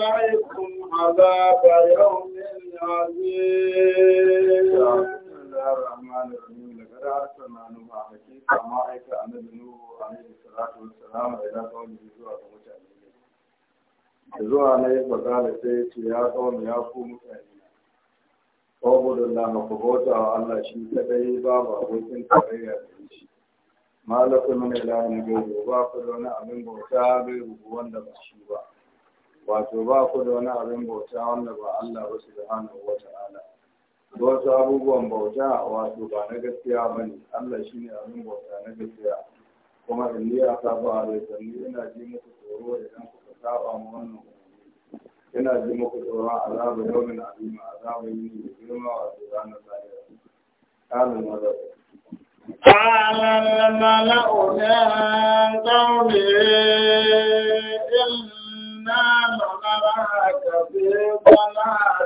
عليكم عذاب يوم عظيم annabi nuhu salatu zuwa da na yi sai ce ya tsawon ya ku mutane ƙwabudu na makabota wa Allah shi kadai babu abokin tarayya da shi malakun mana ba ku da wani abin bauta gaibu wanda ba shi ba wato ba ku da wani abin bauta wanda ba Allah ba subhanahu wa ala? wasu abubuwan bauta wato ba na gaskiya ba ne Allah shi ne abin bauta na gaskiya kuma in ni a ba a ni ina ji muku tsoro idan kuka saba mu wannan ina ji muku tsoron azabar yawon alima azabar yi ne girma wato ranar lahira kalin mazaba قال الملأ من قومه إنا نراك في ضلال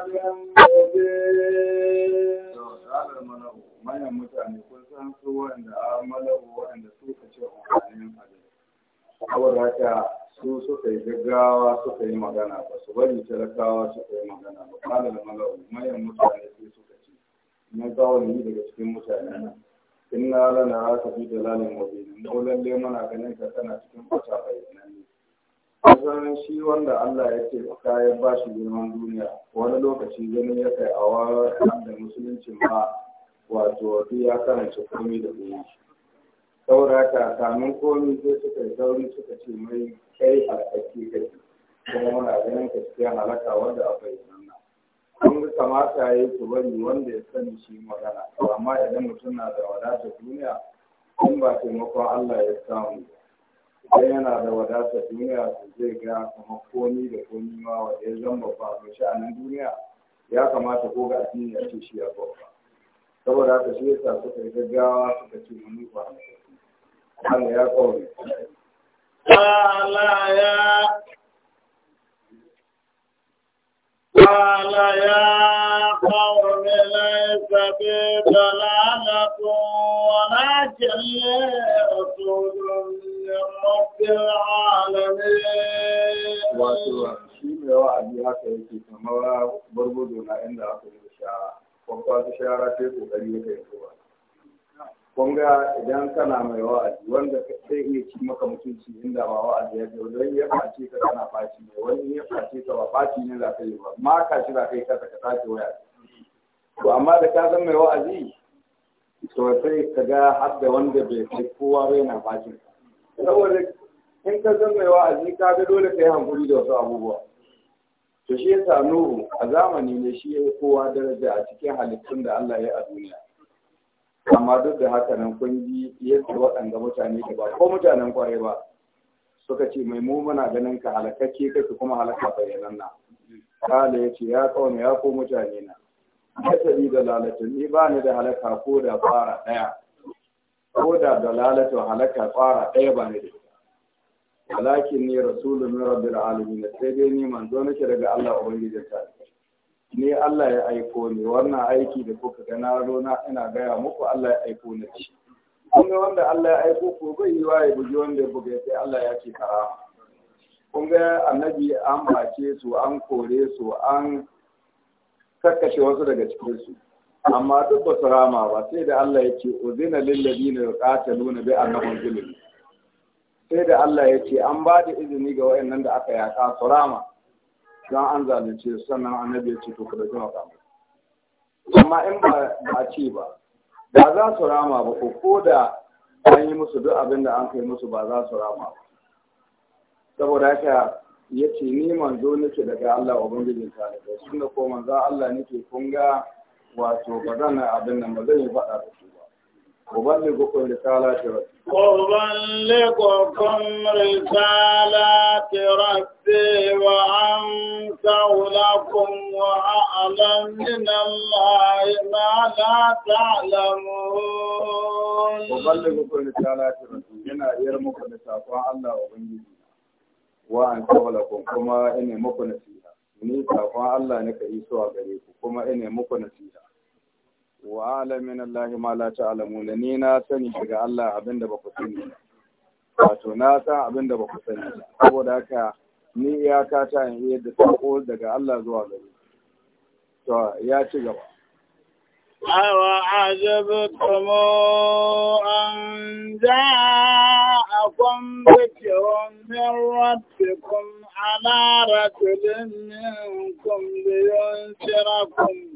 mutane san su wanda suka ce gaggawa yi magana ba su bari talakawa suka yi magana ba da malau manyan mutane daga cikin mutane inna lana raka fi dalalin mubin mu lalle muna ganin ka tana cikin fata bayanan kusan shi wanda Allah ya ce maka ya ba shi girman duniya wani lokaci ganin ya kai a wajen da musuluncin ma wato duk ya karanta komi da komi saboda haka kamin komi sai suka yi sauri suka ce mai kai halakaki kai kuma muna ganin ka cikin halaka wanda a bayyana kun ga kamata ya yi bari wanda ya sani shi magana amma idan mutum na da wadatar duniya kun ba taimakon Allah ya samu idan yana da wadatar duniya zai ga kuma komi da komi ma wanda ya zama babba a nan duniya ya kamata ko ga addini ya ce shi ya saboda haka shi yasa suka yi gaggawa suka ce mu ba Allah ya kawai Allah ya Allah ya قوم ليس بي wato shi mai wa'adi haka yake kamar barbudo na inda aka yi shara kwakwa ta shara ta yi kokari ya kai kowa kun ga idan kana mai wa'azi wanda sai iya ci maka mutunci inda ba wa'azi ya ce wani ya face ka kana faci ne wani ya face ka ba faci ne za ka yi ba ma ka shi za ka yi kasa ka sace waya to amma da ka san mai wa'azi to sai ka ga har da wanda bai kai kowa bai na faci saboda in ka san mai wa'azi ka ga dole ka yi hankuri da wasu abubuwa to shi sa nuhu a zamani ne shi ya yi kowa daraja a cikin halittun da Allah ya a duniya amma duk da haka nan kun ji yadda waɗanda mutane da ba ko mutanen kwarai ba suka ce mai mu muna ganin ka halakakke kake kuma halaka bayanan na kala ya ce ya kauna ya ko mutane na ya da lalatun ni ba ni da halaka ko da fara ɗaya ko da da lalatun halaka fara ɗaya ba ni da ita walakin ni rasulun rabbi rabbil alamin sai dai ni manzo nake daga Allah ubangijin ta ne Allah ya aiko ni wannan aiki da kuka ga na rona ina gaya muku Allah ya aiko ni shi kun ga wanda Allah ya aiko ko bai yi waye buji wanda ya buga sai Allah ya ce kara kun ga annabi an bace su an kore su an kakkashe wasu daga cikin su amma duk ba su rama ba sai da Allah ya ce uzina lil ladina yuqataluna bi annahum zulm sai da Allah ya ce an ba da izini ga waɗannan da aka yaka su rama don an zalunce sannan annabi ya ce to ku dauki makamai amma in ba a ce ba ba za su rama ba ko ko da an yi musu duk abin da an kai musu ba za su rama ba saboda haka ya ce ni manzo nake daga Allah ubangijin talibai sun da ko manzo Allah nake kun ga wato ba zan abin nan ba zan yi faɗa da su ba أبلغكم رسالات ربي أبلغكم رسالات ربي وأنفع لكم وأعلم من الله ما لا تعلمون أبلغكم رسالات ربي أنا يرمك الله وبنجي لكم كما إني ni saƙon Allah ne ka yi a gare ku kuma ina muku nasiha wa alamin Allah ma la la ni na sani daga Allah abinda ba ku sani wato na san abinda ba ku sani saboda haka ni ka ta in yi da sako daga Allah zuwa gari, to ya ci gaba awa ajabtum an ja'akum dhikrun min rabbikum ala rajulin minkum shirakun.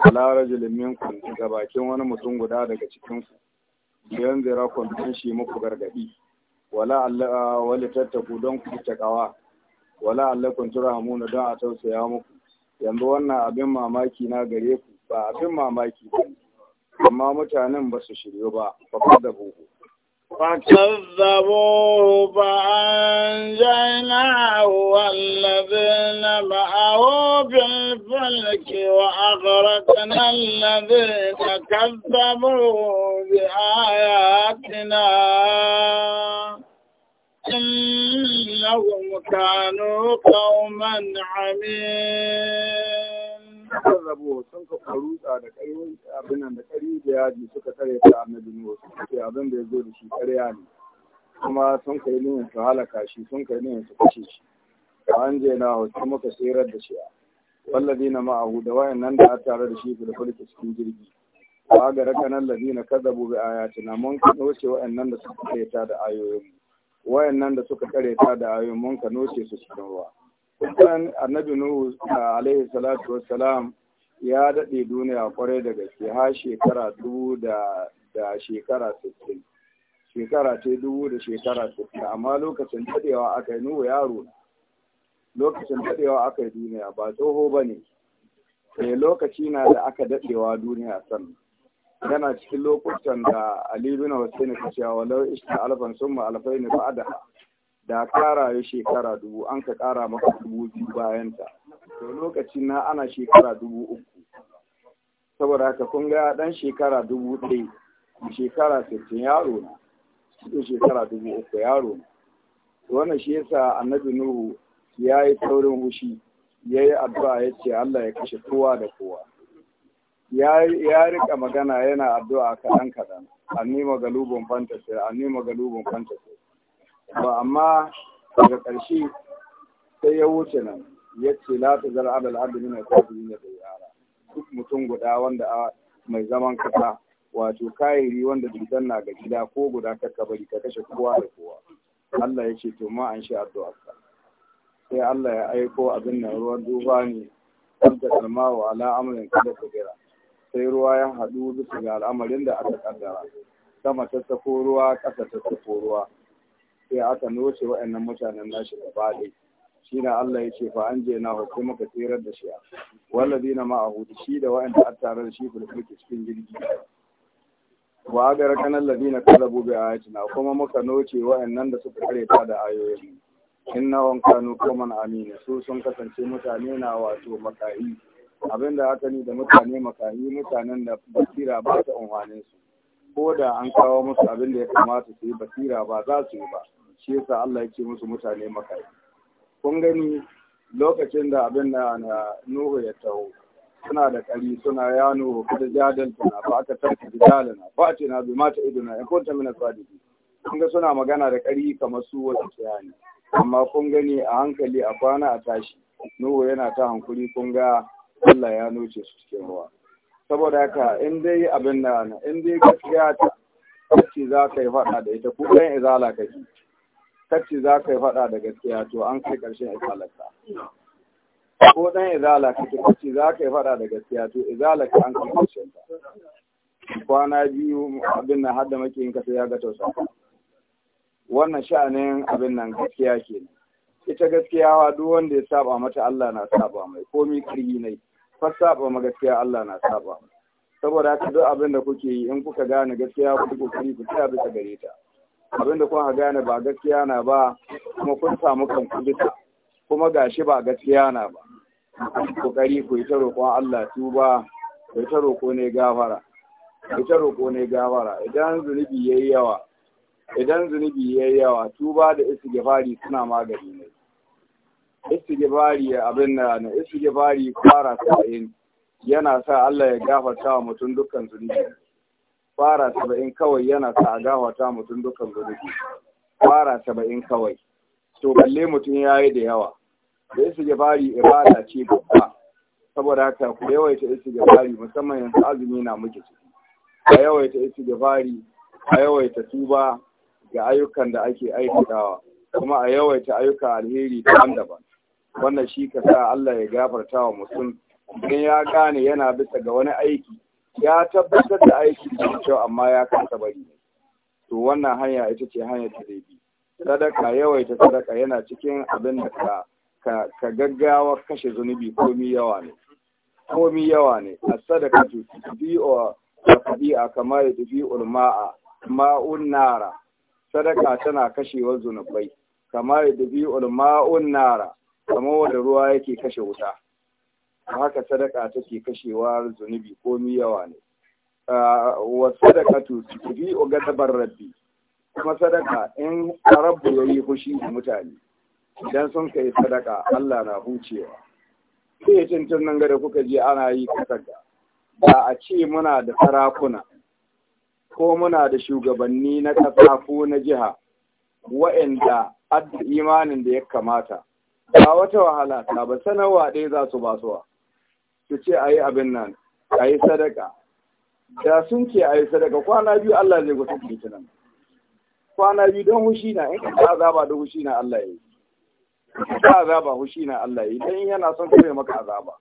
ala rajulin minkum daga bakin wani mutum guda daga cikin ku yan zira kun shi muku gargadi wala alla wala tattaku don ku takawa wala allakum na don a tausaya muku yanzu wannan abin mamaki na gare ku ba abin mamaki ba amma mutanen ba su shiryo ba fa da buhu فكذبوه فأنجيناه والذين معه بالفلك وأغرقنا الذين كذبوا بآياتنا إنهم كانوا قوما عمين kan rabo sun ka faruta da kai abinan da kari da yaji suka tare ta annabi nuhu suka ce abin da ya zo da shi karya ne kuma sun kai niyan su halaka shi sun kai niyan su kashe shi an je na hoto muka tsirar da shi wallazi na ma'ahu da wayan nan da tare da shi su da fulki cikin jirgi ba ga rakanan lazina kazzabu bi na mun ka noce wayan nan da suka ta da ayoyin wayan nan da suka ta da ayoyin mun ka noce su cikin ruwa kusan annabi nuhu alaihi salatu wassalam ya daɗe duniya kwarai da gaske har shekara dubu da da shekara sittin shekara ce dubu da shekara sittin amma lokacin daɗewa aka yi nuhu yaro lokacin daɗewa aka yi duniya ba tsoho ba ne eh, lokaci na da aka daɗewa duniya sannan yana cikin lokutan da Ali bin Hussein ka cewa walau ishta alfan summa alfaini ba'da da kara ya shekara dubu an ka ƙara maka dubu biyu bayan ta to lokacin na ana shekara dubu uku saboda haka kun ga dan shekara dubu ɗaya shekara sittin yaro na da shekara dubu uku yaro na wannan shi yasa annabi nuhu ya yi taurin hushi ya yi addu'a ya ce Allah ya kashe kowa da kowa ya rika magana yana addu'a kaɗan kaɗan an nima galubin fantasy an nima galubin fantasy ba amma daga ƙarshe sai ya wuce nan ya ce la ta zara adal adali na kafin da yara duk mutum guda wanda a mai zaman kasa wato kayiri wanda cutar na ga gida ko guda ka bari ka kashe kowa da kowa Allah ya ce to ma an shi addu'a sai Allah ya aiko abin nan ruwan duba ne ta kalma wa al'amarin kada ta gira sai ruwa ya haɗu bisa ga al'amarin da aka kaddara sama ta sako ruwa ƙasa ta sako ruwa sai aka noce waɗannan mutanen nashi gaba ɗaya shi na Allah ya ce fa an je na sai muka tsirar da shi a. wallazi na hudu shi da waɗanda a tare da shi fulfulki cikin jirgi wa na kanan ladina a bi ayatina kuma muka noce waɗannan da suka kare ta da ayoyinmu. inna wan kanu kaman amina su sun kasance mutane na wato makahi abinda aka ni da mutane makahi mutanen da basira ba ta unhwanin ko da an kawo musu abin da ya kamata su yi basira ba za su yi ba shi yasa Allah yake musu mutane makai kun gani lokacin da abin da na Nuhu ya taho suna da kari suna ya Nuhu kada jadal tana ba aka tarka na. ba ce na bi mata iduna in kunta min sadiki kun ga suna magana da kari kamar su wasu tsayani amma kun gani a hankali a kwana a tashi Nuhu yana ta hankuri kun ga Allah ya noce su cikin ruwa saboda haka in dai abin da in dai gaskiya ta ce za ka yi faɗa da ita ko ɗan izala kake kace za ka yi faɗa da gaskiya to an kai ƙarshen izalarka ko ɗan izala to kace za ka yi faɗa da gaskiya to izalarka an kai ƙarshen ta kwana biyu abin nan har da makiyin ka sai ya ga tausa wannan sha'anin abin nan gaskiya ke ita gaskiya wa duk wanda ya saba mata Allah na saba mai komi kiri ne fa saba ma gaskiya Allah na saba saboda haka duk abin da kuke yi in kuka gane gaskiya ku kokari ku tsaya bisa gare ta Abin da kuka gane ba gaskiya na ba kuma kun samu kan kubita kuma gashi ba gaskiya na ba kokari ku yi ta roƙon Allah tuba ku yi ta roƙo ne gafara ku ta roƙo ne gafara idan zunubi yayi yawa idan zunubi yayi yawa tuba da istighfari suna magani ne istighfari abin da na istighfari fara sa'in yana sa Allah ya gafarta wa mutum dukkan zunubi fara saba'in kawai yana sa a gawata mutum dukan gudu fara saba'in kawai to balle mutum ya yi da yawa da isa gabari ibada ce babba saboda haka ku yawaita isa gabari musamman yanzu azumi na muke ciki a yawaita isa gabari a yawaita tuba ga ayyukan da ake aikatawa kuma a yawaita ayyuka alheri daban-daban wannan shi ka sa Allah ya gafarta wa mutum idan ya gane yana bisa ga wani aiki ya tabbatar da aiki da kyau amma ya kasa bari to wannan hanya ita ce hanya ta zai bi sadaka yawaita sadaka yana cikin abin da ka ka gaggawa kashe zunubi komi yawa ne komi yawa ne a sadaka tu bi'o a kamar da bi'ul ulma'a ma'un nara sadaka tana kashewar zunubai kamar da bi'ul ulma'un nara kamar wanda ruwa yake kashe wuta haka sadaka take kashewa zunubi ko miyawa ne wa sadaka to, sadaqatu ga ugadabar rabbi kuma sadaka in rabbu yayi fushi da mutane idan sun kai sadaka Allah na hucewa sai tun nan gare kuka je ana yi kasaga ba a ce muna da sarakuna ko muna da shugabanni na ƙasa ko na jiha wa'anda adda imanin da ya kamata ba wata wahala ta ba sanarwa ɗaya za su basuwa su ce a yi abin nan a yi sadaka da sun ce a yi sadaka kwana biyu Allah zai gwata litinin kwana biyu don hushi na in ka azaba da hushi na Allah ya yi ka azaba hushi na Allah ya yi don yana son kare maka azaba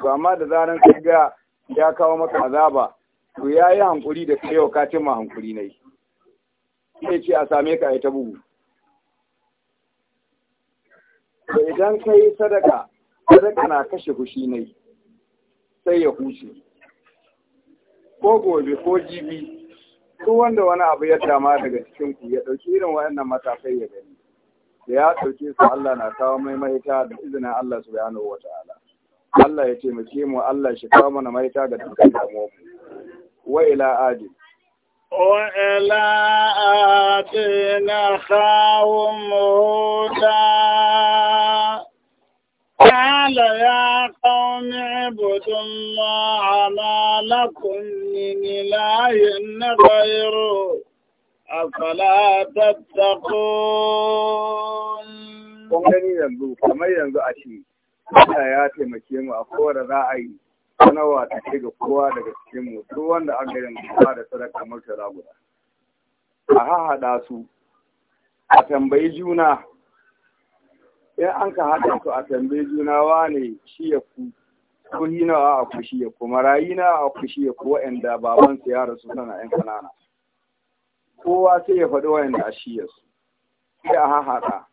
to amma da zaran ka ga ya kawo maka azaba to ya yi hankuri da kai wa katin ma hankuri na yi sai ce a same ka ya yi ta bugu to idan ka yi sadaka sadaka na kashe hushi na yi sai ya huce ko gobe ko jibi duk wanda wani abu ya dama daga cikin ku ya ɗauki irin waɗannan matakai ya gani da ya ɗauke su Allah na kawo mai maita, da izinin Allah subhanahu wa ta'ala Allah ya taimake mu Allah shi kawo mana maita ga dukkan damuwa wa ila adi وإلى آتنا kawo mota. قال يا قوم اعبدوا الله ما لكم من إله غيره أفلا تتقون kun gani yanzu kamar yanzu a ce Allah ya taimake mu a kowane za a yi sanawa ta ce ga kowa daga cikin mu duk wanda an ga yanzu ba da sadaka murtala guda a haɗa su a tambayi juna in an ka haɗa su a tambaye juna wane shi ya ku kuri nawa a kushi ya ku marayi na a kushi ya ku wa'anda babansu ya rasu sana yan kanana kowa sai ya faɗi wa'anda a shi ya su sai a hahaɗa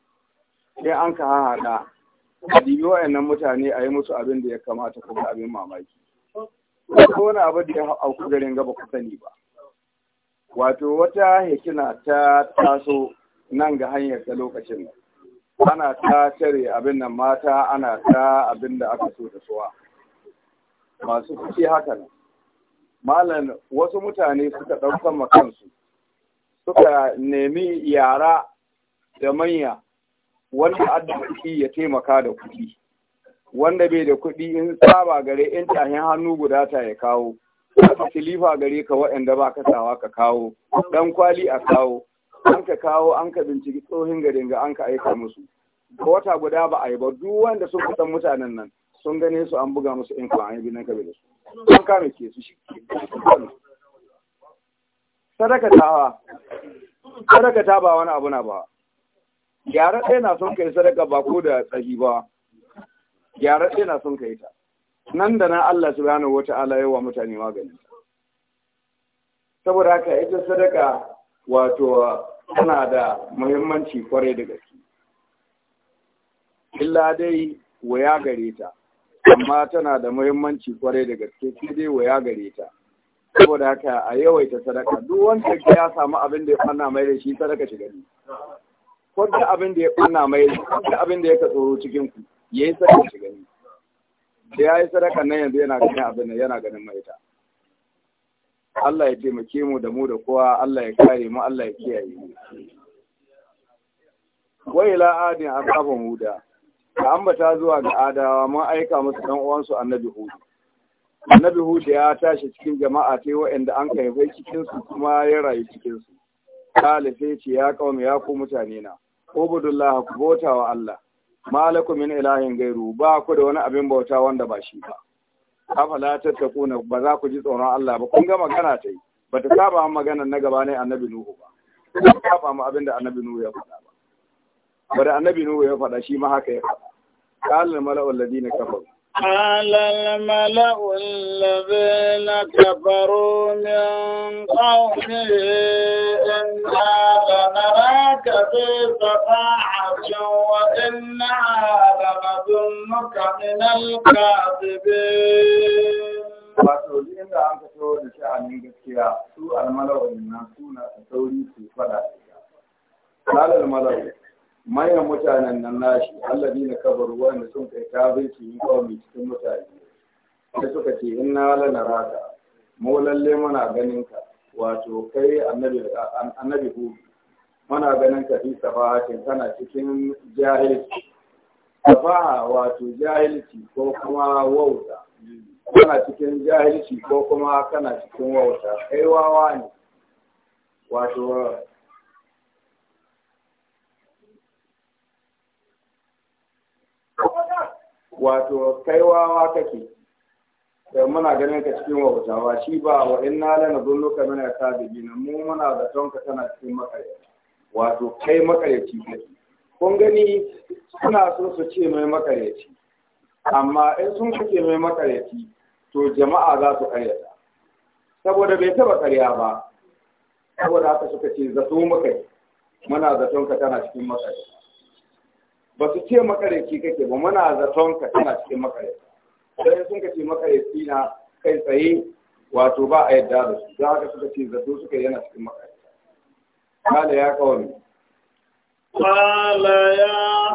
sai an ka hahaɗa a dibi wa'annan mutane a yi musu abin da ya kamata kuma abin mamaki ko wani abu da ya auku garin gaba ku sani ba wato wata hikima ta taso nan ga hanyar ta lokacin nan ana ta tare abin nan mata ana ta abin da aka so da suwa masu kuke haka nan malam wasu mutane suka ɗaukan kansu, suka nemi yara da manya wanda adda kuɗi ya taimaka da kuɗi wanda bai da kuɗi in saba gare in tahin hannu guda ta ya kawo ka kilifa gare ka waɗanda ba kasawa ka kawo dan kwali a kawo an ka kawo an ka binciki tsohin garin ga an ka aika musu ga wata guda ba a yi ba duk wanda sun kusan mutanen nan sun gane su an buga musu in kuma an yi binan kabe da su sun kame ke su shi sadaka sadaka ta ba wani abu na ba gyara ɗaya na son kai sadaka ba ko da tsahi ba gyara ɗaya na son kai ta nan da na Allah subhanahu wata'ala yawa mutane magani saboda haka ita sadaka wato tana da muhimmanci kwarai da gaske illa dai waya gare ta amma tana da muhimmanci kwarai da gaske sai dai waya gare ta saboda haka a yawaita sadaka duk wanda ya samu abin da ya fanna mai da shi sadaka shi gari ko da abin da ya fanna mai da abin da ya ka tsoro cikin ku yayi sadaka shi gari da yayi sadaka nan yanzu yana ganin abin nan yana ganin mai ta Allah ya taimake mu da mu da kowa Allah ya kare mu Allah ya kiyaye mu wai la'adin adin asabun huda ka ambata zuwa ga adawa mun aika musu dan uwansu annabi hudu annabi hudu ya tashi cikin jama'a ta wa'anda an kai bai cikin su kuma ya rayu cikin su sai ce ya kaumi ya ku mutane na ubudullah ku bauta wa Allah malakum min ilahin gairu ba ku da wani abin bauta wanda ba shi ba afala tattakuna ba za ku ji tsoron Allah ba kun ga magana ta yi bata saba maganar na gaba ne annabi nuhu ba ba saba mu abin da annabi nuhu ya faɗa ba bari annabi nuhu ya faɗa shi ma haka ya faɗa qala mala'u alladhina kafaru قال الملأ الذين كفروا من قومه إنا لنراك في سفاحة وإنا لنظنك من الكاذبين wato duk inda an ka tawo da sha'anin gaskiya su almalawar nan suna ta sauri su fada da ita. Kalar malawar mayan mutanen nan nashi allazi na kabar da sun kai yi yin mai cikin mutane sai suka ce in na lana raka mu lalle muna ganin ka wato kai annabi annabi hudu muna ganin ka fi safahatin kana cikin jahilci safaha wato jahilci ko kuma wauta kana cikin jahilci ko kuma kana cikin wauta kai wawa ne wato wato kaiwawa kake eh, muna ganin ka cikin wautawa shi ba wa inna lana dhunnuka ta al na mu muna da tonka tana cikin makaryaci wato kai makaryaci ne kun gani suna so su ce mai makaryaci amma in sun kace mai makaryaci to jama'a za su karyata saboda bai taba karya ba saboda haka suka ce zato makai muna zaton ka tana cikin makaryaci ba su ce makareci kake ba muna zaton ka tana cikin makareci sai sun ka ce makareci na kai tsaye wato ba a yadda da su za ka suka ce zato suka yana cikin makareci kala ya kawai ya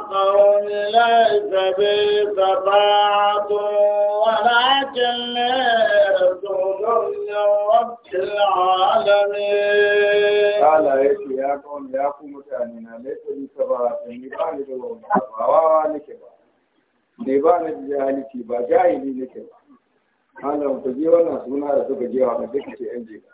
يا قوم ليس بي سبعة ولكن رسول kala ya العالمين ya يا ya kuma قوم na laifin. ka ba ni ba ni da wauta ba wawa nake ba ne ba ni da jahilci ba jahili nake ba Allah ku je wannan suna da suka je wa da suka ce yan jeka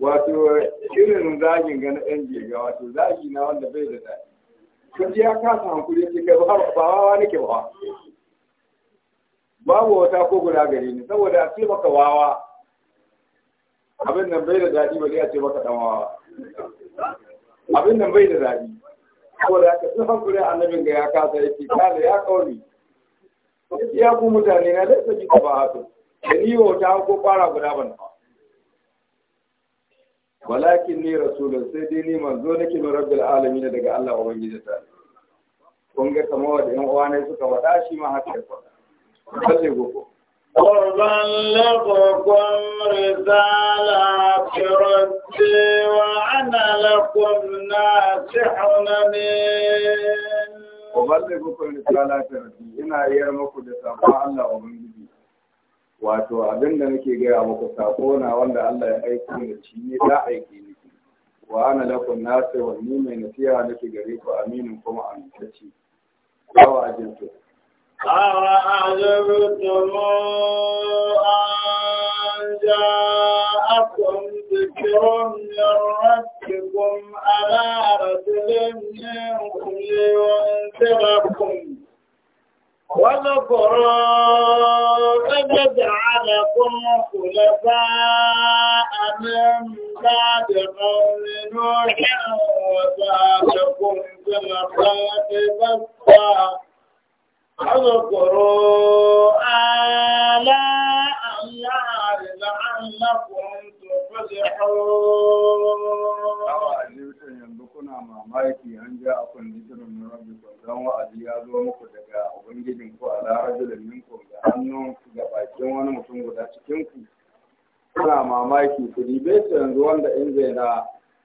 wato irin zagin ga na yan jega wato zagi na wanda bai da daɗi kun ji ya kasa hankuri ce kai ba wawa nake ba babu wata ko guda gari ne, saboda a ce maka wawa abin nan bai da daɗi ba ya ce maka dan abin nan bai da daɗi saboda haka sun hankuri annabin ga ya kasa ce kada ya kauri ya ku mutane na da sabi ba haka da ni wata ko fara guda ban ba walakin ni rasulun sai dai ni manzo nake na rabbul alamin daga Allah ubangiji ta kun ga kamar da yan uwa ne suka wada shi ma haka ko faɗa sai goko أبلغكم رسالة ربي وأنا لكم ناصح أمين أبلغكم رسالة ربي ina iyar muku da sabon Allah Ubangiji wato abin da nake gaya muku sako na wanda Allah ya aiki ni shi ne da aiki ni wa ana lakum nasihu ni mai nasiha nake gare ku aminin kuma amintacci yawa jintu أوعجبتم أن جاءكم ذكر من ربكم على رجل منكم لينذركم واذكروا إذ جعلكم خلفاء من بعد قوم نوح وزادكم في الخلق بسطا واذكروا آلاء الله لعلكم tuflihun kuna mamaki an ja na rabbi don wa'azi ya zo muku daga ku a larajulun minkum da hannun wani mutum guda kuna mamaki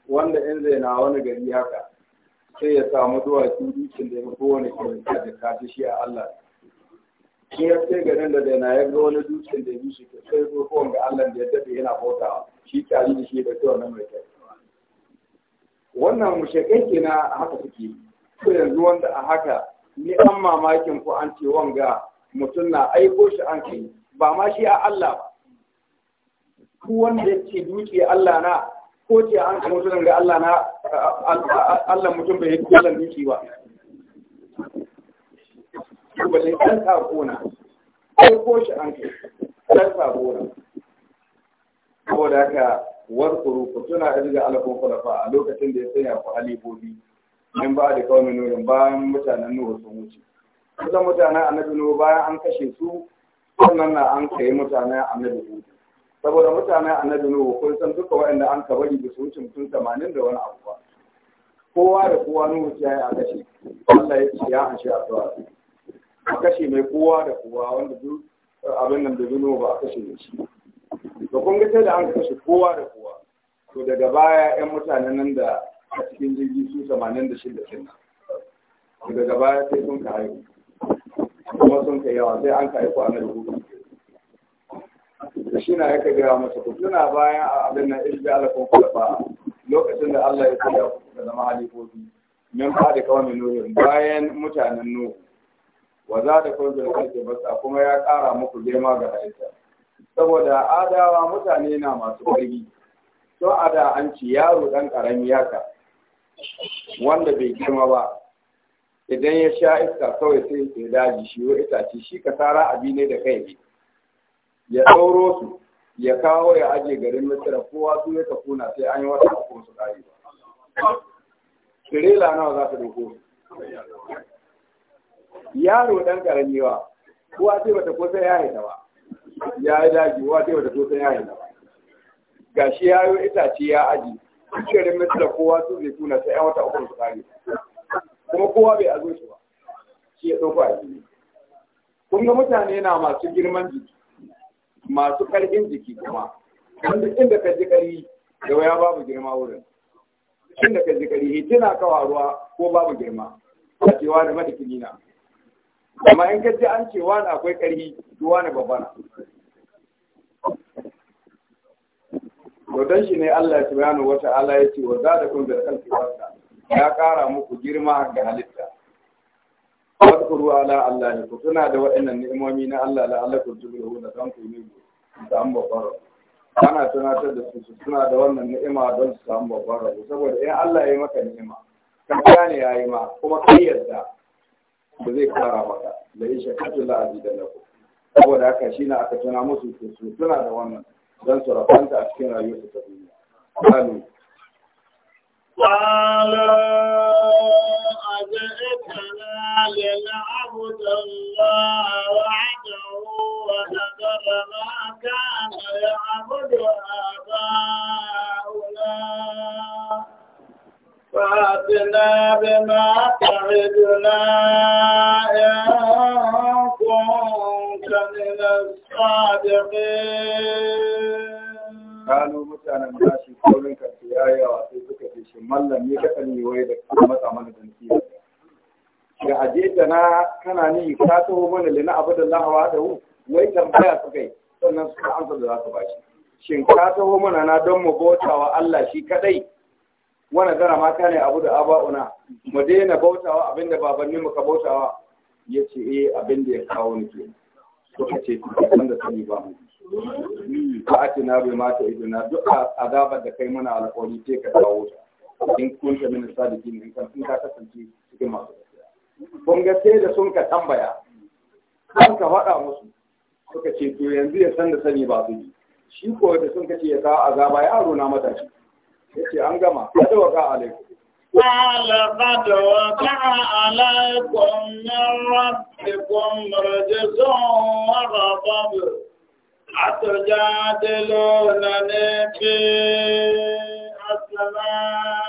wanda in na wani gari haka sai ya samu zuwa duwatsu dukin da ya kowane ke da kafi shi a Allah in ya sai garin da na ya ga wani dukin da ya bi shi sai zo kowane ga Allah da ya daɗe yana bauta shi yi da shi da kyau na mai kyau wannan mushakai ke na haka suke ko yanzu wanda a haka ni an mamakin ko an ce wanga mutum na aiko shi an kai ba ma shi a Allah ba ku wanda ya ce duke Allah na ko ce an kama sunan ga Allah na Allah mutum bai yi Allah duki ba ba sai ɗan sako na ko ko shi an kai ɗan sako na da haka warkuru ku tuna irga alakun kulafa a lokacin da ya sanya ku alibobi in ba da kawai nurin bayan mutanen nuhu sun wuce kusan mutanen annabi nuhu bayan an kashe su sannan na an kai mutanen annabi hudu saboda a annabi nuhu kun san duka waɗanda an ka bari da su wuce mutum tamanin da wani abu ba kowa da kowa nuhu ya yi a kashe Allah ya ce ya anshi addu'a a kashe mai kowa da kowa wanda duk eh, abin nan da nuhu ba a kashe da shi to kun ga sai da an kashe kowa da kowa to daga baya yan mutanen nan da a cikin jirgi su tamanin da shida ɗin daga baya sai sun ka haihu kuma sun ka yawa sai an ka haihu a nan hukunci shi na yaka gaya masa ku tuna bayan a abin na irbi alakun kulaba lokacin da Allah ya kula ku da zama halifofi min ba da kawai nuhin bayan mutanen nuhu wa za da kun zai kalke basa kuma ya kara muku gema ga halitta saboda adawa mutane na masu ƙarfi to ada an ci yaro ɗan ƙarami yaka wanda bai girma ba idan ya sha iska kawai sai ya daji shi wa itace shi kasara tara abi da kai ne ya ɗauro su ya kawo ya aje garin misira kowa su ya na sai an yi wata uku su kare ba tirela nawa za ta doko yaro dan karami wa kowa sai bata ko sai ya haita ba ya yi daji kowa sai bata ko sai ya haita ba gashi ya yi itace ya aji garin misira kowa su zai tuna sai an wata uku su kare kuma kowa bai azo shi ba shi ya ɗauko a jini kun ga mutane na masu girman jiki masu karfin jiki kuma wanda inda ka ji kari da waya babu girma wurin inda ka ji kari hitina kawa ruwa ko babu girma a cewa da madakini na amma in ka ji an ce wani akwai ƙarfi duwa na babbana Rodon shi ne Allah ya bayanu wata ala ya ce wa za da kun da kan ya kara muku girma ga halitta wadkuru ala Allah ku tuna da waɗannan ni'imomi na Allah la Allah ku tubu da don ku yi da an babbaro ana tunatar da su suna da wannan ni'ima don su samu babbar saboda in Allah ya yi maka ni'ima kan gane ya yi ma kuma kai yadda ba zai kara maka da yi shakatu la da lakum saboda haka shi na aka tuna musu su suna da wannan don su rafanta a cikin rayuwarsu ta duniya. Amin. ذكرى لنعبد الله وحده وذكر ما كان يعبد آباؤنا فأتنا بما تعدنا إن كنت من الصادقين قالوا متى نمشي قولك يا آية يا shi mallam ne ka sani wai da kuma matsa mana da nasiya da hajeta na kana ni ka taho mana lina abdullah wa da hu wai tambaya su kai sannan su ka amsa da za su bashi shin ka taho mana na don mu bautawa Allah shi kadai wani zara ma ka ne abu da aba'una mu daina bautawa abinda babanni mu ka bautawa ya ce eh abinda ya kawo ni ke suka ce san da sani ba mu ba a ce na bai mata idona duk azabar da kai mana alƙawari sai ka kawo ta in kunta min sadiqin in kan ka kasance cikin masu gaskiya kun ga sai da sun ka tambaya Sun ka faɗa musu suka ce to yanzu ya san da sani ba su yi shi ko da sun ka kace ya a azaba yaro na matashi ce an gama kada wa ka alaikum قال قد وقع عليكم من ربكم رجز وغضب أتجادلونني في أسماء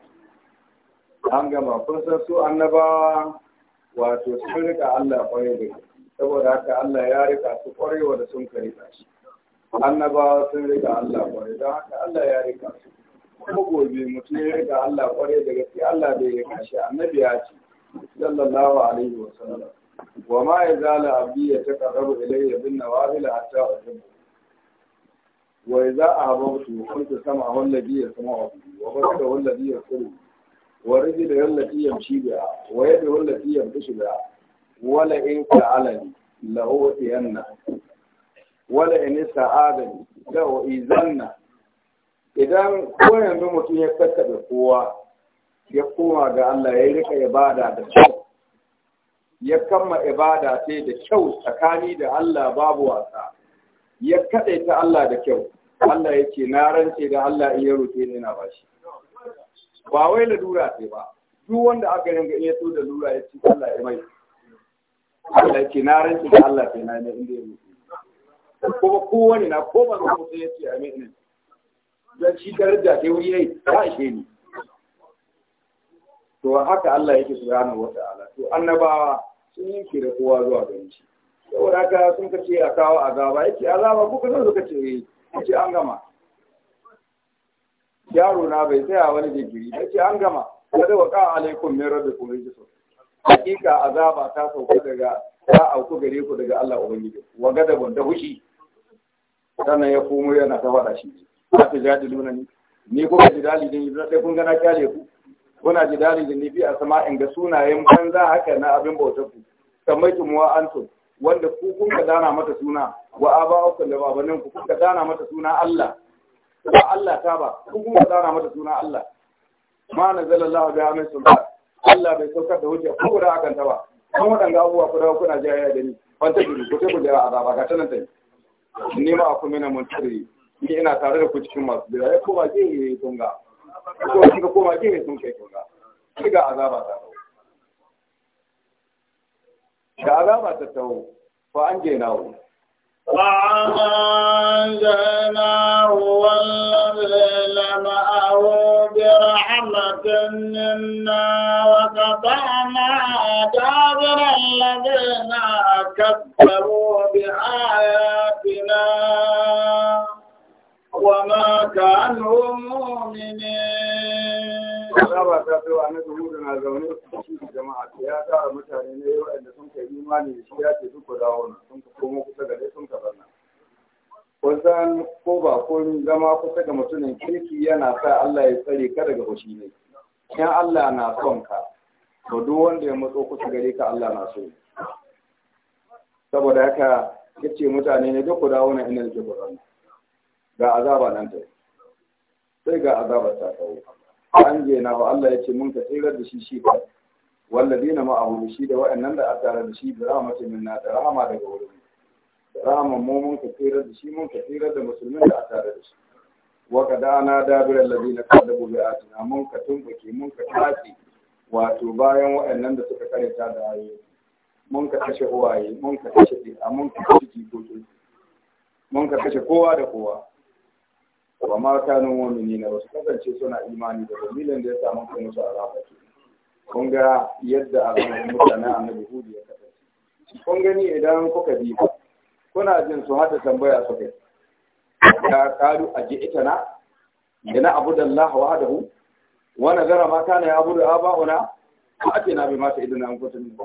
an gama kun san su annabawa wato sun rika Allah kwarai da saboda haka Allah ya rika su kwarewa da sun ta shi annabawa sun rika Allah kwarai don haka Allah ya rika su kuma gobe mutum ya rika Allah kwarai da gaske Allah bai rika shi annabi ya ce sallallahu alaihi wa sallam wa ma yazala abdi ya taqarrabu ilayya bin nawafil hatta uhibbu wa idza ahbabtu kuntu sam'ahu ya yasma'u wa basara ya yasma'u wa rage da yallati yamshi biya wa yadda wallati yamshi biya wala in fa'alani la uwatiyanna wala in sa'adani la uizanna idan ko yanzu mutum ya kakkaɓe kowa ya koma ga Allah ya rika ibada da kyau ya kama ibada sai da kyau tsakani da Allah babu wasa ya kaɗaita Allah da kyau Allah ya ce na rance da Allah in ya roƙe ni na bashi ba wai lalura sai ba duk wanda aka ringa iya so da lura ya ci Allah ya mai Allah ke na ranci da Allah sai na ne inda ya mutu kuma kowane na ko ba ko sai ya ce mai ne dan shi rija sai wuri yai ta ashe ni. to haka Allah yake subhanahu wata'ala to annabawa sun yanke da kowa zuwa gare shi saboda haka sun kace a kawo azaba yake azaba kuka zo suka ce eh. yace an gama yaro na bai tsaya wani digiri na ce an gama kada wa ka da kuma yi rijsun hakika azaba ta sauka daga ta auku gare ku daga Allah ubangiji wa gada da hushi sannan ya komo yana ta faɗa shi ta ta jaji nuna ni ni kuka ji dali din idan kun gana kyale ku kuna ji dali din ni bi a sama'in ga sunayen banza haka na abin bautar ku kamar tumuwa antum wanda ku kun ka dana mata suna wa aba'ukum da babanin ku kun ka dana mata suna Allah ba Allah ta ba kun kuma tsara mata suna Allah ma nazala Allah bi amin sulta Allah bai saukar da hujja ko da hakan ta ba kan waɗanda abubuwa ku dawo kuna jayayya da ni wanta gudu ku sai ku jira azaba ga tanan yi ni ma aku mina muntari ni ina tare da ku cikin masu bira ya koma ke yi tunga ko kika koma ke yi sun kai tunga kiga azaba ta da azaba ta tawo fa an je nawo fa an وسننا وقطعنا دابر الذين كذبوا بآياتنا وما كانوا مؤمنين. Raba ta fi wa na dubu da na zaune jama'a ya tara mutane ne waɗanda sun ya Wasan ko ba komi zama kusa ga mutumin kirki yana sa Allah ya tsare ka daga fushi ne. in Allah na son ka to duk wanda ya matso kusa gare ka Allah na so saboda haka ce mutane ne duk ku dawo na inal jibran ga azaba nan ta sai ga azaba ta kawo an je na ba Allah ce mun ka tsirar da shi shi ba walladina ma'ahu shi da wa'annan da asara da shi da min minna da rahama daga wurin da rahaman mu mun ka tsirar da shi mun ka tsirar da musulmin da asara da shi wa qada'ana kan da kadzabu a ayatina mun ka tumbuke mun ka tafi wato bayan waɗannan da suka karanta da ayoyi mun ka kashe huwaye mun ka kashe ɗi'a mun ka kashe jikoki mun ka kashe kowa da kowa wa ma kanu mu'minina ba su kasance suna imani da dalilin da ya sa mun kai musu azaba kun ga yadda al'amarin mutane a na buhudu ya kasance kun gani idan kuka bi kuna jin su hada tambaya su kai ta kalu a ji ita na da na abu da Allah wa nazara ma kana ya abu da aba'una ko ake na bai mata idan an kwata ni.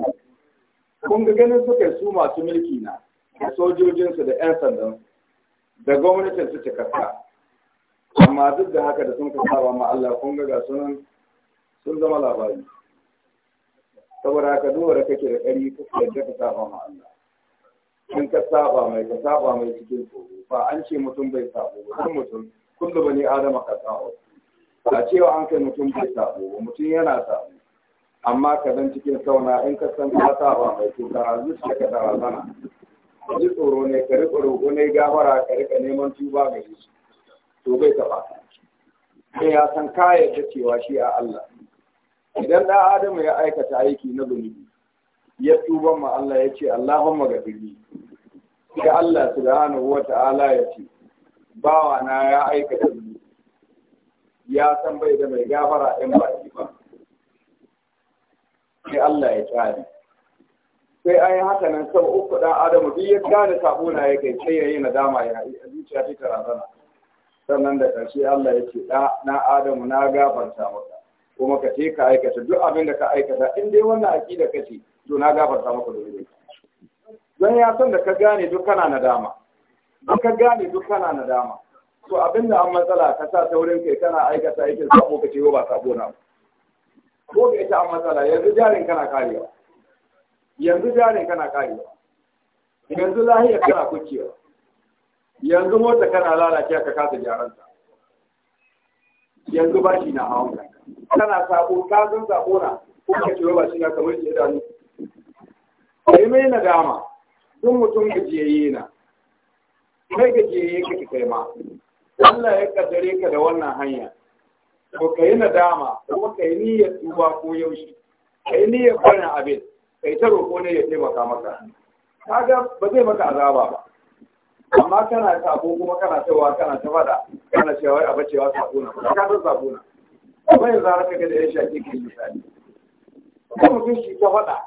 kun ga ganin suka su masu mulki na da sojojinsu da 'yan sandan da gwamnatin su cikakka amma duk da haka da sun kasaba ma Allah kun ga sunan sun zama labari saboda haka duk kake da ƙari kuka yadda ka saba ma Allah in ka saba mai ka saba mai cikin tsoro ba an ce mutum bai sabo ba duk mutum kullu bani adama ka sabo ba cewa an kai mutum bai sabo ba mutum yana sabo amma ka zan cikin sauna in ka san ka saba mai to ka zuciya ka da razana ji tsoro ne ka riƙa roƙo ne gafara ka riƙa neman tuba ga shi to bai taɓa sai ya san kaya da cewa shi a Allah idan ɗan Adamu ya aikata aiki na zunubi ya tuba ma Allah ya ce Allahumma gafirli sai Allah subhanahu wa ta'ala ya ce bawa na ya aikata zunubi ya san bai da mai gafara in ba shi ba sai Allah ya tsari sai ai haka nan sau uku dan Adamu duk ya gane sabo na ya kai sai yayi nadama ya yi zuciya ta razana sannan da ƙarshe Allah ya ce na Adamu na gafarta maka kuma ka ce ka aikata duk abin da ka aikata in dai wannan aƙida ka ce to na gafarta maka da wuri don ya san da ka gane duk kana nadama Duk ka gane duk kana nadama to abin da an matsala ka sa ta wurin kai kana aikata aikin sabo ka ce ba sabo na ko ka ita an matsala yanzu jarin kana karewa yanzu jarin kana karewa yanzu lahiya kana kucewa yanzu mota kana lalace ka kasa gyaranta yanzu ba shi na hawan kana sako. ka san sabo na ko ka ce ba shi na kamar shi da ni kai mai nadama duk mutum gajiyayye na kai ka kake kai ma Allah ya kaddare ka da wannan hanya to kai nadama kuma kai niyyar tuba ko yaushe kai niyyar barin abin kai ta roƙo ne ya taimaka maka kaga ba zai maka azaba ba amma kana sabo kuma kana cewa kana ta fada kana cewa a wa sabo na ka san sabo na kuma yanzu har kaga da ya shaki ke misali kuma mutum shi ta fada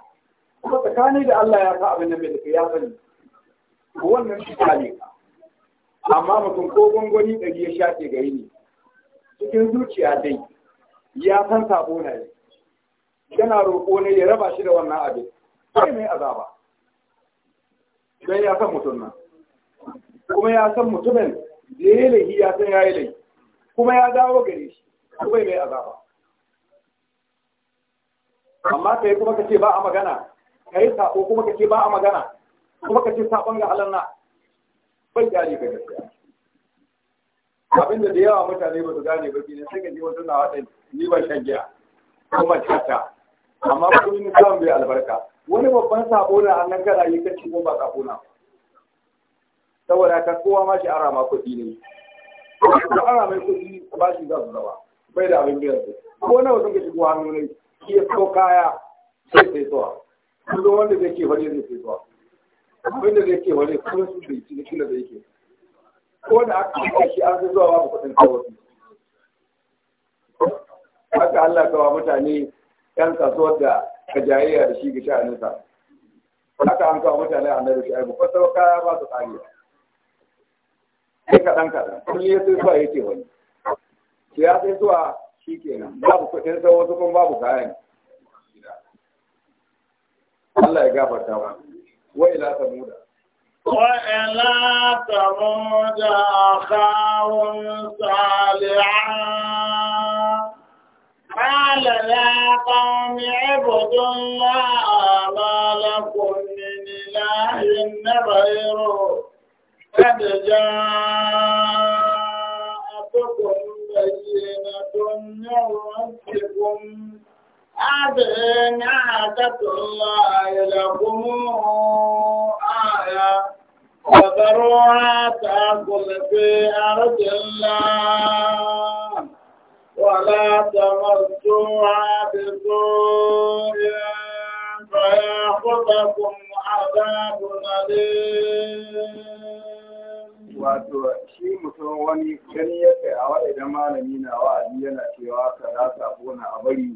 kuma tsakani da Allah ya sa abin nan mai tafi ya sani wannan shi ta ne amma mutum ko gwangwani ɗari ya shaƙe gari ne cikin zuciya dai ya san sabo na ne yana roƙo ne ya raba shi da wannan abin sai mai azaba don ya san mutum nan kuma ya san mutumin da ya yi ya san ya yi laifi kuma ya dawo gare shi kuma mai azaba amma kai kuma kace ba a magana kai sako kuma kace ba a magana kuma kace sabon ga halanna bai gari ga gaskiya abinda da yawa mutane ba su gane ba ne sai ka ji wasu na waɗin ni ba shan giya kuma tata amma kuma ni samu bai albarka wani babban sabo na annan kana yi ci, ko ba sabo na ba saboda ka kowa ma shi ara ma kuɗi ne ko ara mai kuɗi ba shi za su zama. bai da abin biyan su ko nawa sun ka shigo hannu ne shi ya so kaya sai sai zuwa kullum wanda zai ke wani zai sai zuwa abin da zai ke wani kuma su bai ci da kila zai ke ko da aka yi shi an sai zuwa babu kuɗin kawai haka Allah kawa mutane yan kasuwar da kajayayya da shi ga sha'aninsa haka an kawo mutane a nan da shi ai ba kaya ba su tsariya sai kaɗan kaɗan kun ya sai zuwa yake wani to ya sai zuwa shi nan. babu kuɗin sau wasu kuma babu kayan Allah ya gafarta wa wa ila samuda وإلى ثمود أخاهم صالحا قال يا قوم اعبدوا الله ما لكم من إله غيره قد جاءتكم بينة من ربكم أذن عادة الله لكم آية وذروها تأكل في أرض الله ولا تمسوها بسوء فيأخذكم عذاب أليم wato shi mutum wani gani ya kai awa idan malami na wa'azi yana cewa ka za ka bona a bari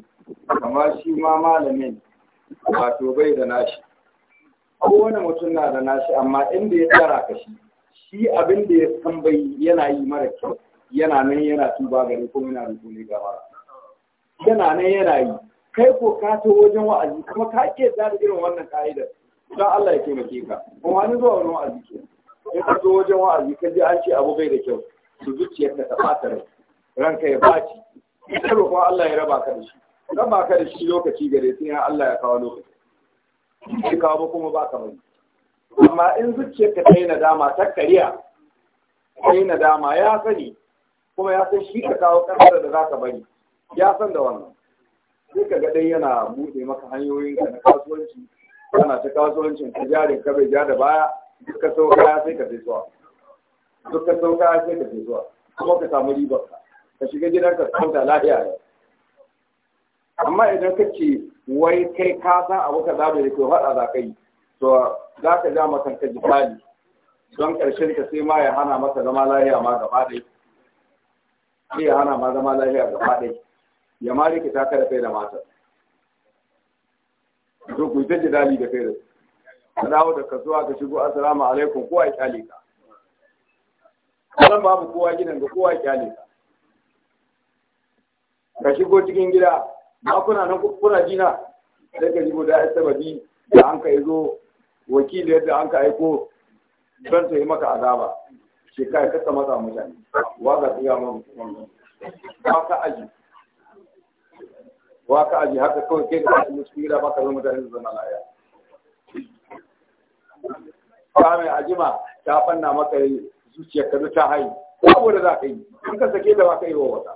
kama shi ma malamin wato bai da nashi kowane mutum na da nashi amma inda ya tsara ka shi shi abin da ya san bai yana yi mara kyau yana nan yana tuba gari ko yana rubu ne gaba yana nan yana yi kai ko ka wajen wa'azi kuma ka ke da irin wannan ka'idar don Allah ya taimake ka kuma ni zuwa wani wa'azi kenan sai ka zo wajen wa'azi ka ji an ce abu bai da kyau to zuciyarka ta ɓata rai ranka ya baci ita roƙon Allah ya raba ka da shi raba ka da shi lokaci gare sai ya Allah ya kawo lokaci shi kawo ba kuma ba ka bari amma in zuciyarka ta yi nadama ta kariya ta yi nadama ya sani kuma ya san shi ka kawo ƙasar da za ka bari ya san da wannan sai ka ga dai yana buɗe maka hanyoyin ka na kasuwanci kana ta kasuwancin ka jarin ka bai ja da baya duk ka sau sai ka sai suwa duk ka sau sai ka sai suwa kuma ka samu ribar ka ka shiga gidan ka kwanta lafiya ne amma idan ka ce wai kai ka san abu ka zaɓe da kai, haɗa za ka yi to za ka ja makanka jikali don ƙarshen ka sai ma ya hana masa zama lafiya ma gaba ɗaya, sai ya hana ma zama lafiya gaba ɗaya. ya ma rikita ka da kai da matar. Duk ku ji daɗi da kai da su. ka dawo da kasuwa ka shigo assalamu alaikum kowa ya kyale ka kalan babu kowa gidan ga kowa ya kyale ka ka shigo cikin gida ba kuna nan kuna jina sai ka shigo da sababi da an ka zo wakili yadda an ka aiko don ta yi maka azaba shekara kasa matsa mutane wa ga tsiya ma Wa ka aji wa ka aji haka kawai ke da musu gida ba ka zama mutane da zama laya kamin ajima ta fanna maka zuciyar ka ta hayi babu da za ka yi in ka sake da ba ka yi wa wata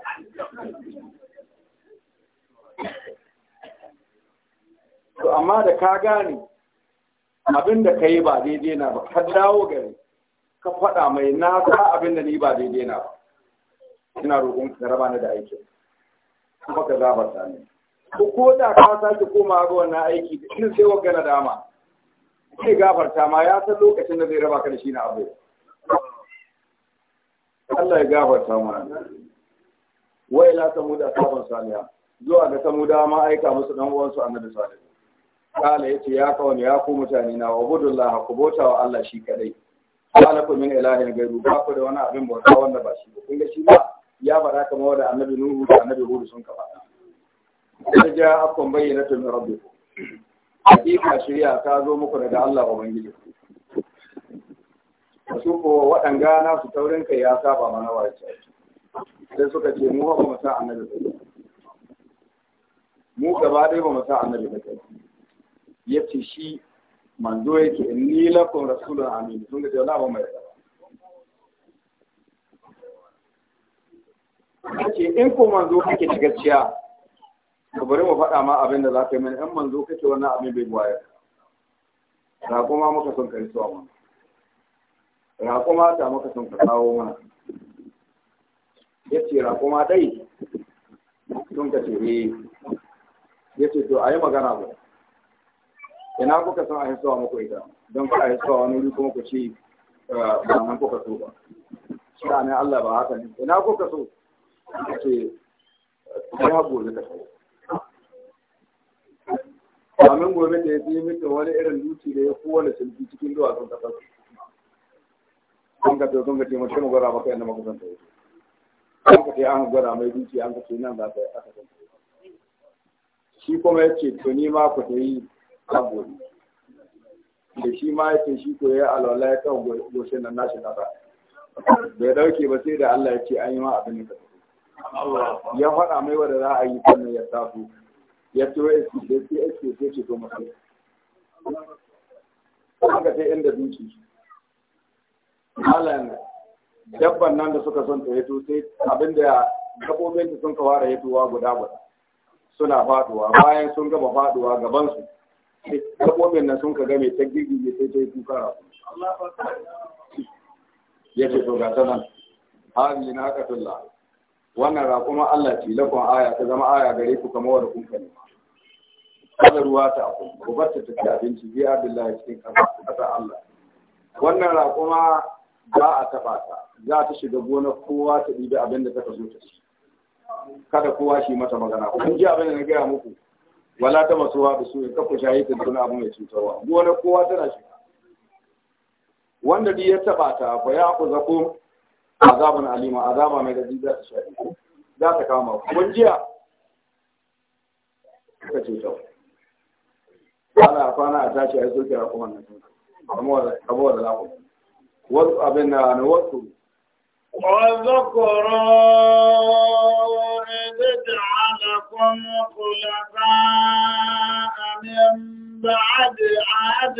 to amma da ka gane abin da ka yi ba daidai na ba ka dawo gari ka faɗa mai na ka abin da ni ba daidai na ba ina roƙon ka raba ni da aikin kuma ka zaba ne ko da ka sake koma ga wannan aiki da sai wa gana dama zai gafarta ma ya san lokacin da zai raba ka da shi na abu Allah ya gafarta mana wa ila samuda sabon saniya zuwa ga samuda ma aika musu dan uwan su annabi salihu kala yace ya kawani ya ku mutane na wa budullah ku bota wa Allah shi kadai kala ku min ilahin gairu ba ku da wani abin bauta wanda ba shi ba kun ga shi ba ya fara kama wanda annabi nuhu da annabi hudu sun kafa faɗa ja akon bayyana tun rabbi hakika shirya ta zo muku daga Allah ba su ko waɗanga na su taurin kai ya saba mana wace sai suka ce mu ba mu sa annabi ba mu gaba dai ba mu sa annabi ba yace shi manzo yake ni lakum rasulun amin sun ga jawaba mai ce in ko manzo kake gaskiya ka bari mu faɗa ma abin da za ka yi mana in manzo kake wannan abin bai buwaye raƙuma muka son kari suwa mana raƙuma ta muka son ka kawo mana ya ce raƙuma dai sun ka ce eh ya ce to a yi magana ba ina kuka son a yi suwa muku ita don fa a yi suwa wani wuri kuma ku ce eh, ba nan kuka so ba shi Allah ba haka ne ina kuka so ya ce ya hagu ka so kamin gobe da ya yi mita wani irin duki da ya kowane sulki cikin sun kasar an ka to sun ka ce mace maka yadda maka ta yi an ka ce an gwada mai duki an ka ce nan za ta yi aka san shi kuma ya ce to ni ma ku ta yi a gobe da shi ma ya ce shi ko ya alwala ya kan goshe nan nashi ba bai dauke ba sai da Allah ya ce an yi ma abin da ya faɗa mai wadda za a yi sannan ya tafi ya turo SPC sai ya ce to mutum ka sai inda duki malam dabban nan da suka son ta yato sai abinda gabobin su sun kawara tuwa guda guda suna faduwa bayan sun gama faduwa gaban su gabobin nan sun ka game ta girgije sai ta yi tukara ya ce to ga sanan hali na akatulla wannan raƙuma Allah ce lakon aya ta zama aya gare ku kamar wadda kuka ne kada ruwa ta aku ku bar ta tafi abinci bi abdullahi cikin kasa Allah wannan raƙuma ba a taɓa ta za ta shiga gonar kowa ta ɗibi abin da ta zo ta ci kada kowa shi mata magana kun ji abin da na gaya muku wala ta masuwa da su ya kafa shayi ta duna abu mai cutarwa gonar kowa tana shiga wanda duk ya taɓa ta ba ya ku zaƙo azabun alima azaba mai gaji za ta shafi za ta kama ku. kun jiya suka ce tau ana a kwana a tashi a yi soke a kuma nan kamuwa da lafi wasu abin na wani wasu وذكروا إذ لكم خلفاء من بعد عاد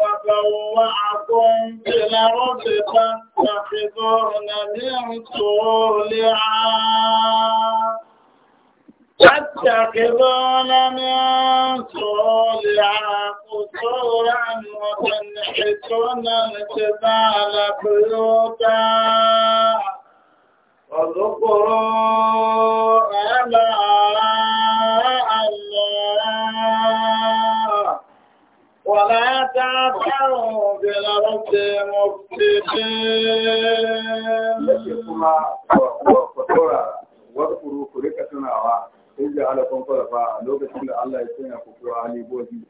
وبوعكم في الأرض تتخذون من سولها تتخذون من صولها قصورا وتنحتون الجبال بيوتا وذكروا آلاء ولا تعثروا في الأرض مفسدين. واذكروا كريكة سنعوا إذ جعلكم خلفاء لوكة الله يسمع كفر أهل بوزي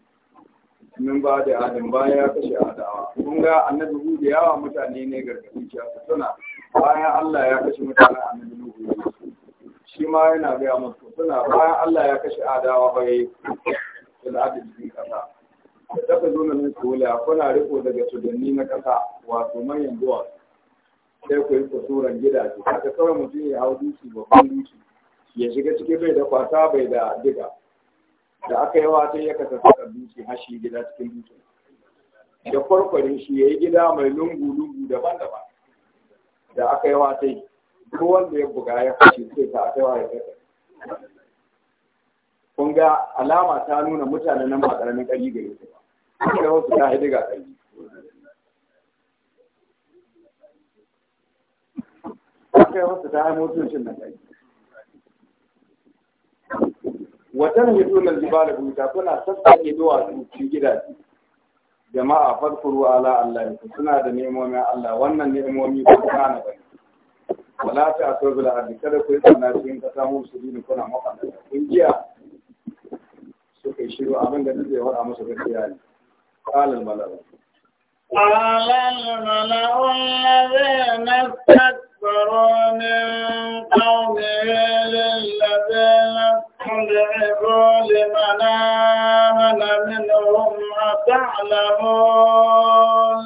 min ba da adam bayan ya kashe adawa kun ga annabi hudu mutane ne gargaɗi cewa su suna bayan Allah ya kashe mutanen annabi nuhu shi ma yana gaya musu suna bayan Allah ya kashe adawa bai da adadin kasa da daga zuna min suwula kuna riko daga tudanni na ƙasa wato manyan duwatsu sai ku yi kusuran gidaje haka kawai mutum ya hau duki babban duki ya shiga ciki bai da kwata bai da diga da aka yi wata ya kasa saka har shi gida cikin duki da kwarkwarin shi ya yi gida mai lungu-lungu daban-daban da aka yi wata ko wanda ya buga ya kashe sai ta aka yi wata ya kun ga alama ta nuna mutanen nan ba ƙaramin ƙari ga yake ba Wata wasu ta haidu ga ƙarfi kai wasu na ƙarfi watan hidu na sassaƙe duwatsu cikin gidaje jama'a farfuru ala Allah ne, suna da nemomin Allah wannan nemomi ba kuna na bane wala ta asabu la ardi kada ku yi tsana cikin kasa musu su ne kuna maƙwabta kun jiya suka yi shiru abin da nufewar a musu gaskiya ne قال الملأ قال الملأ الذين استكبروا من قومه للذين استضعفوا لمن آمن منهم أتعلمون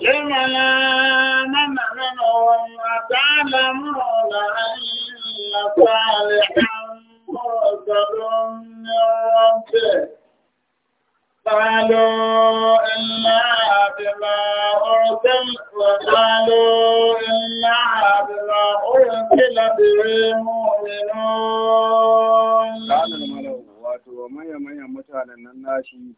لمن آمن منهم أتعلمون أن صالحا مرسل من ربه قالوا إلا بما أرسل وقالوا إلا بما أرسل به مؤمنون wato manya-manyan mutanen nan nashi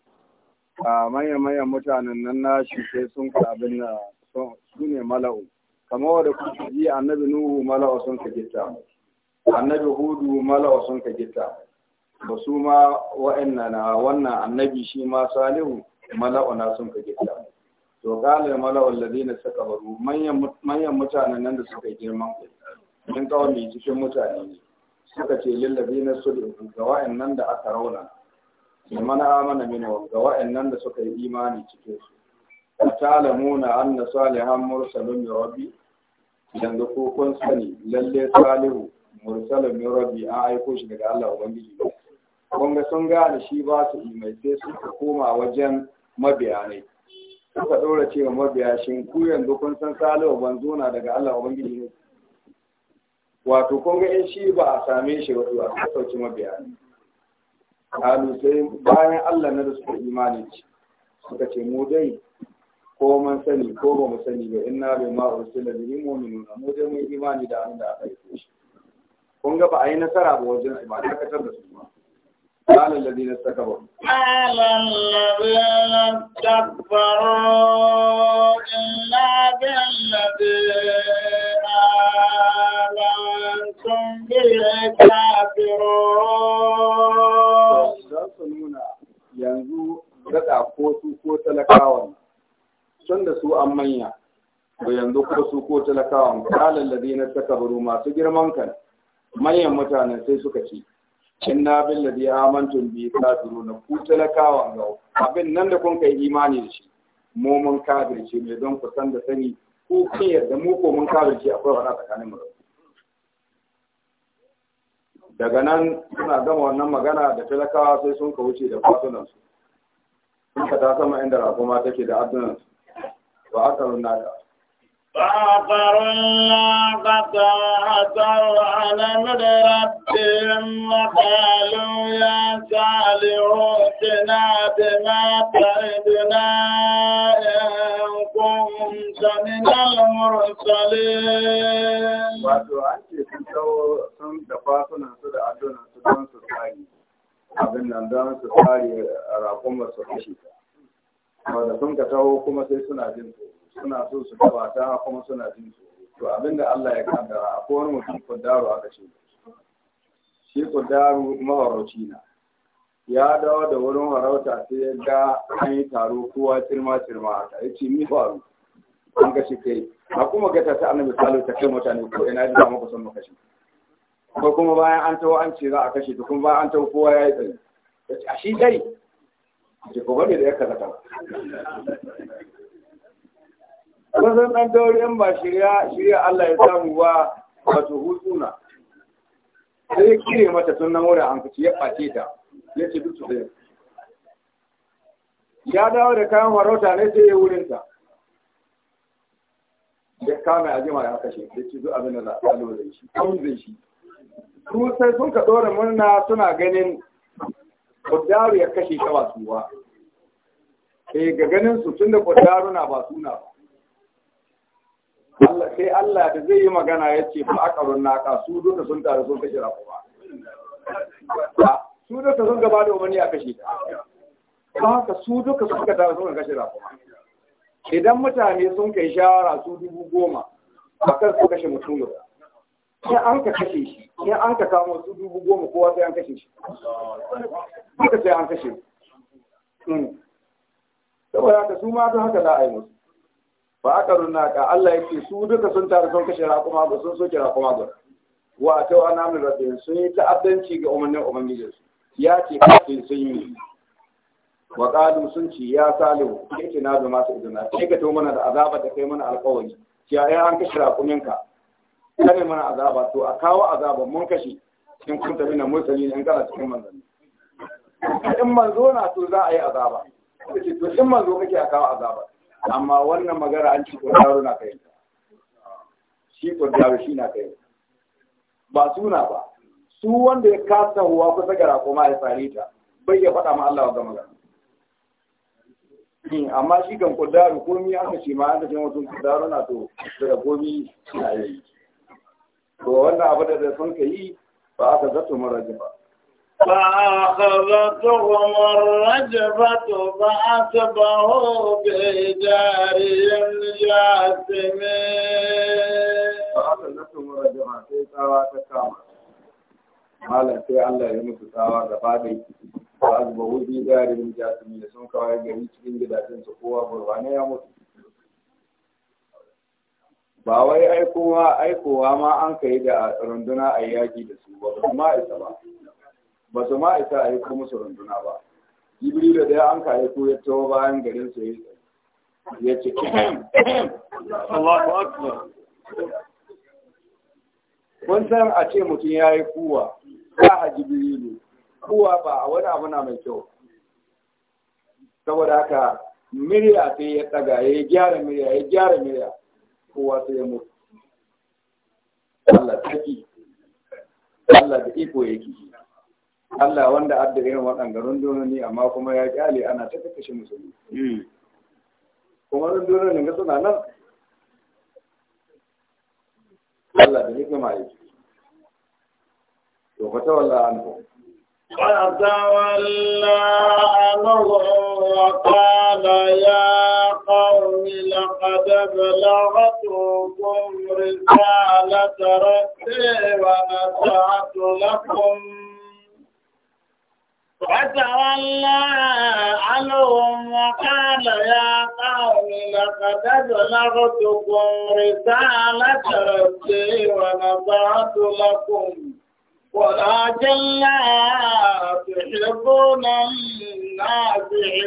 a manya-manyan mutanen nan nashi sai sun abin na su ne mala'u kamar wadda kuka ji annabi nuhu mala'u sun ka gita annabi hudu mala'u sun ka gita ba su ma wa'annan wannan annabi shi ma salihu na sun ka gida to kalar mala'ul ladina suka baru manyan mutanen nan da suka girma. mun kawai mai cikin mutane ne suka ce lillazina sudu ga wa'annan da aka rauna da mana amana wa, ga wa'annan da suka yi imani cikin su ta'lamuna anna salihan mursalun min rabbi yanzu ko kun sani lalle salihu mursalun min rabbi an aiko shi daga Allah ubangiji ne wanda sun gane shi ba su mai sai suka koma wajen mabiyanai suka ɗora wa mabiya shi ku yanzu kun san salihu ban zona daga Allah wa ubangiji ne wato kun ga in shi ba a same shi wato a mabiya ne. kalu sai bayan Allah na da suka imani suka ce mu dai ko man sani ko ba mu sani ba na bai ma'a wasu da mu'minuna mu dai mun imani da an da aka yi shi kun ga ba a yi nasara ba wajen ba dakatar da su ba قال الذين استكبروا قال الذين استكبروا إلا بالذي آمنتم به كافرون yanzu gada ko su ko talakawan tun da su an manya ba yanzu ko su ko talakawan kalan ladina suka baro masu girman kan manyan mutanen sai suka ce inna billadhi amantum bi kafiruna ku talakawa ga abin nan da kun kai imani da shi mu mun kafirce ne don ku san da sani ku kun da mu ko mun kafirce akwai wani tsakanin mu daga nan suna gama wannan magana da talakawa sai sun ka wuce da fasunan su sun ka ta sama inda rakuma take da addunan su ba aka da su. فعقروا الناقة وعتوا عن أمر ربهم وقالوا يا صالح ائتنا بما تعدنا إن كنت من المرسلين. sun abin nan don su tsari raƙon su kashe ta. Wanda sun ka taho kuma sai suna jin suna so su ta kuma suna jin su to abinda Allah ya kaddara ko wani mutum daro aka ce shi daro mawarauci na ya dawo da wurin harauta sai ya ga an yi taro kowa tirma tirma haka ya ce mi faru an kashe kai a kuma gata ta annabi salo ta kai mutane ko ina da kuma kusan mu kashe ko kuma bayan an tawo an ce za a kashe kuma bayan an tawo kowa ya yi tsari a shi dai ko bane da ya kaza ta kusan ɗan gauri in ba shirya shirya Allah ya samu ba wato na. sai ya kire mata tun nan wurin an ya ɓace ta ya ce duk su ya dawo da kayan farauta ne sai ya wurin ta ya kama ya jima ya kashe ya ce duk abin da za a lura shi kun zai shi su sai sun ka ɗora murna suna ganin kudaru ya kashe ta ba su ba sai eh, ga ganin su tun da kudaru na ba suna ba Allah sai Allah da zai yi magana ya ce ba aka naka su duka sun tare sun kashe rafuwa su duka sun gaba da umarni a kashe ta ba haka su duka sun ka tare sun kashe rafuwa idan mutane sun kai shawara su dubu goma a kan su kashe mutum yau in an ka kashe shi in an ka kamo su dubu goma kowa sai an kashe shi ka sai an kashe hmm. saboda haka su ma don haka za a yi musu fa aka runa ka Allah yake su duka sun taru sun kashe raƙuma ba sun soke raƙuma ba wa ta wa namun rabin sun yi ta'addanci ga umarnin umarnin su ya ce kafin sun yi wa qalu sun ci ya salihu yake na zama su iduna sai ka to mana da azaba da kai mana alƙawari ya ya an kashe Ta kare mana azaba to a kawo azaba mun kashe cikin kunta tafi na mursali in kana cikin manzanni in manzo na to za a yi azaba kace to in manzo kake a kawo azaba amma wannan magana an ci kwararru na kai shi kwararru shi na kai ba suna ba su wanda ya kasa huwa kusa gara kuma ya sare ta bai ya faɗa ma Allah wa gama gama hmm, amma shi kan kwadaro komi aka ce ma aka ce mutum kwadaro na to daga komi na yi to wannan abu da sun ka yi ba aka zato mara ba فأخذتهم الرجفة فأتبعوا بجار ياسمين فأخذتهم الرجفة فأتبعوا بجار ياسمين ba'az ba wuzi gari mun ja su ne sun kawai gari cikin gidajen su kowa gurbani ya mutu ba wai aikowa ma an kai da runduna a yaki da su ba kuma isa ba su ma isa a yi kuma musu runduna ba jibrilu da ya an ka aiko ya tawo bayan garin su yi ya ce Allahu kun san a ce mutum ya yi kuwa ba a jibrilu kuwa ba a wani abu na mai kyau saboda haka murya sai ya tsaga ya yi gyara murya ya gyara murya kowa sai ya mutu Allah saki Allah da iko yake Allah wanda adda irin waɗanda rundunoni amma kuma ya ƙyale ana ta kashe musulmi. Hmm. Kuma rundunonin ga suna nan Allah da nufi ma yake. Yau kwata wallah an ko. Fatawalla anahu wa da ya qawmi laqad bulaghtukum risalata rabbi wa nasatu lakum فتولى عنهم وقال يا قوم لقد أبلغتكم رسالة ربي ونصحت لكم ولكن لا تحبون الناصحين.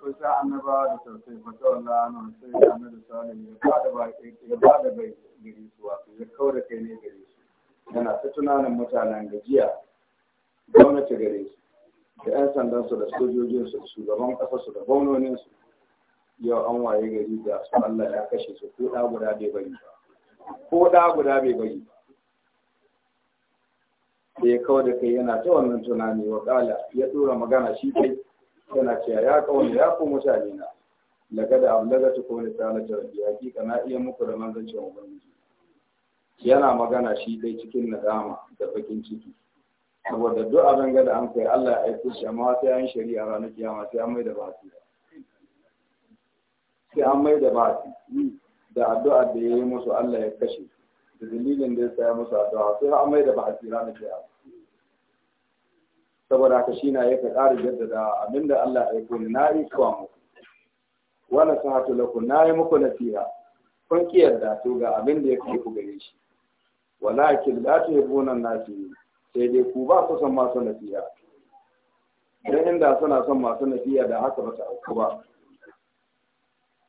kusa da sautai mata wallah ana sai annabi salim ya bada baki ya bada bai gari su ya kaura kai ne gari su yana ta tunanin mutanen gajiya gwamnati gare su da 'yan sandansu da sojojin su, da shugaban su, da su. yau an waye gari da su Allah ya kashe su ko ɗa guda bai bari ba ko ɗa guda bai bari ba da ya kawo da kai yana ta wannan tunani wa ƙala ya tura magana shi kai yana cewa ya kawo ya ko mutane na daga da daga ta kowane tsara ta rabbi hakika na iya muku da manzancin ubangiji yana magana shi dai cikin nadama da bakin ciki saboda duk abin gada an kai Allah ya aiki shi amma sai an shari'a ranar kiyama sai an mai da basi sai an mai da basi da addu'a da ya yi musu Allah ya kashe da dalilin da ya saya musu addu'a sai an mai da basi ranar kiyama saboda haka shi na ya ka ƙara jaddada abinda Allah ya aiko ni na yi kuwa muku wani sahatu lakum na yi muku fiya kun kiyar da to ga abin da ya kai ku gare shi walakin yi bunan nasiru sai dai ku ba su san masu nasiha idan inda suna son masu nasiha da haka ba ta auku ba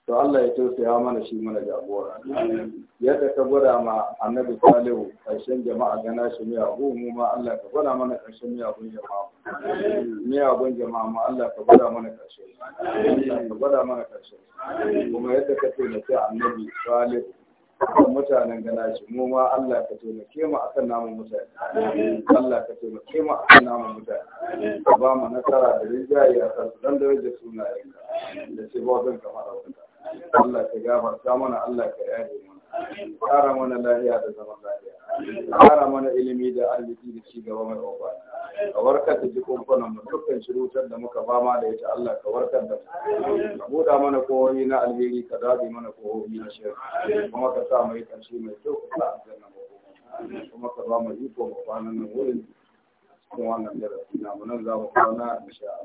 to Allah ya ya mana shi mana jagora yadda ka gwada ma annabi salihu karshen jama'a gana shi miyagu mu ma Allah ka gwada mana karshen miyagun jama'a miyagun jama'a ma Allah ka gwada mana karshen ka gwada mana karshen kuma yadda ka taimaki annabi salihu kan mutanen gana shi mu ma Allah ka taimake mu akan namun mutane Allah ka taimake mu akan namun mutane ka ba mu nasara da rinjaye a kan dan darajar sunayenka da ce ba zan kamar Allah ka gafarta mana Allah ka yaye mana ƙara mana lahiya da zaman lahiya ƙara mana ilimi da arziki da ci gaba mai ƙofa ka warkar da jikunfunan mu dukkan shirutar da muka fama da ita Allah ka warkar da mu ka buɗa mana kohohi na alheri ka zaɓi mana kohohi na shirka kuma ka sa mai ƙarshe mai kyau ka sa a aljanna kuma ka ba mu iko mu kwanan nan wurin cikin wannan darasi na mu nan za mu kwana insha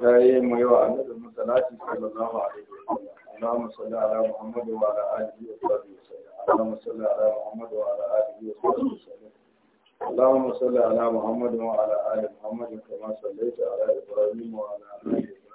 Allah yi mu yi wa annabi sallallahu alaihi wa sallam اللهم صل على محمد وعلى آله وصحبه وسلم اللهم صل على محمد وعلى آله وصحبه وسلم اللهم صل على محمد وعلى آل محمد كما صليت على إبراهيم وعلى آل